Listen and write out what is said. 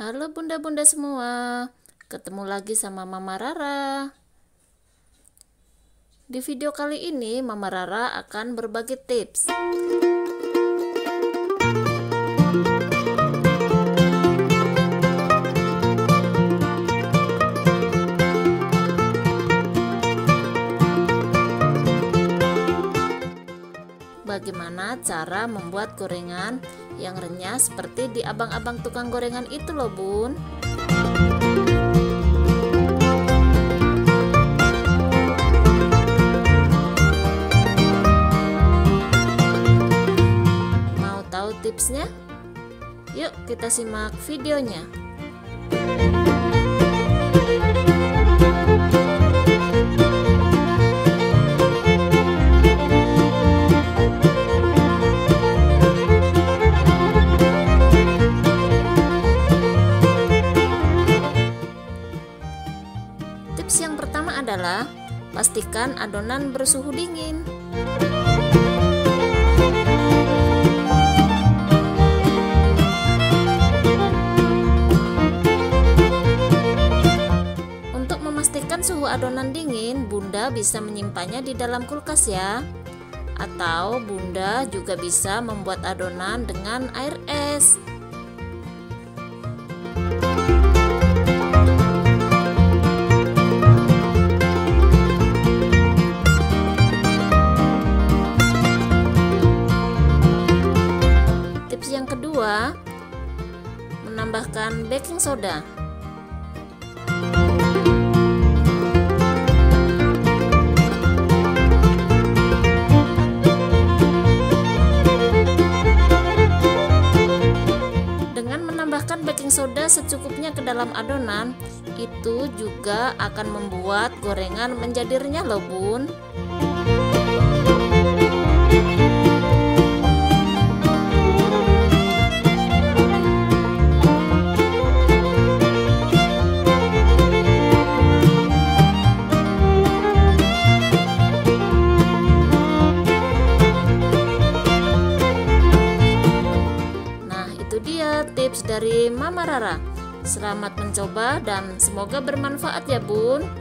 Halo bunda-bunda semua, ketemu lagi sama Mama Rara. Di video kali ini, Mama Rara akan berbagi tips bagaimana cara membuat gorengan yang renyah seperti di abang-abang tukang gorengan itu loh bun Mau tahu tipsnya? Yuk kita simak videonya. adalah pastikan adonan bersuhu dingin. Untuk memastikan suhu adonan dingin, Bunda bisa menyimpannya di dalam kulkas ya. Atau Bunda juga bisa membuat adonan dengan air es. kedua, menambahkan baking soda. Dengan menambahkan baking soda secukupnya ke dalam adonan, itu juga akan membuat gorengan menjadi renyah loh, Bun. dari Mama Rara. Selamat mencoba dan semoga bermanfaat ya, Bun.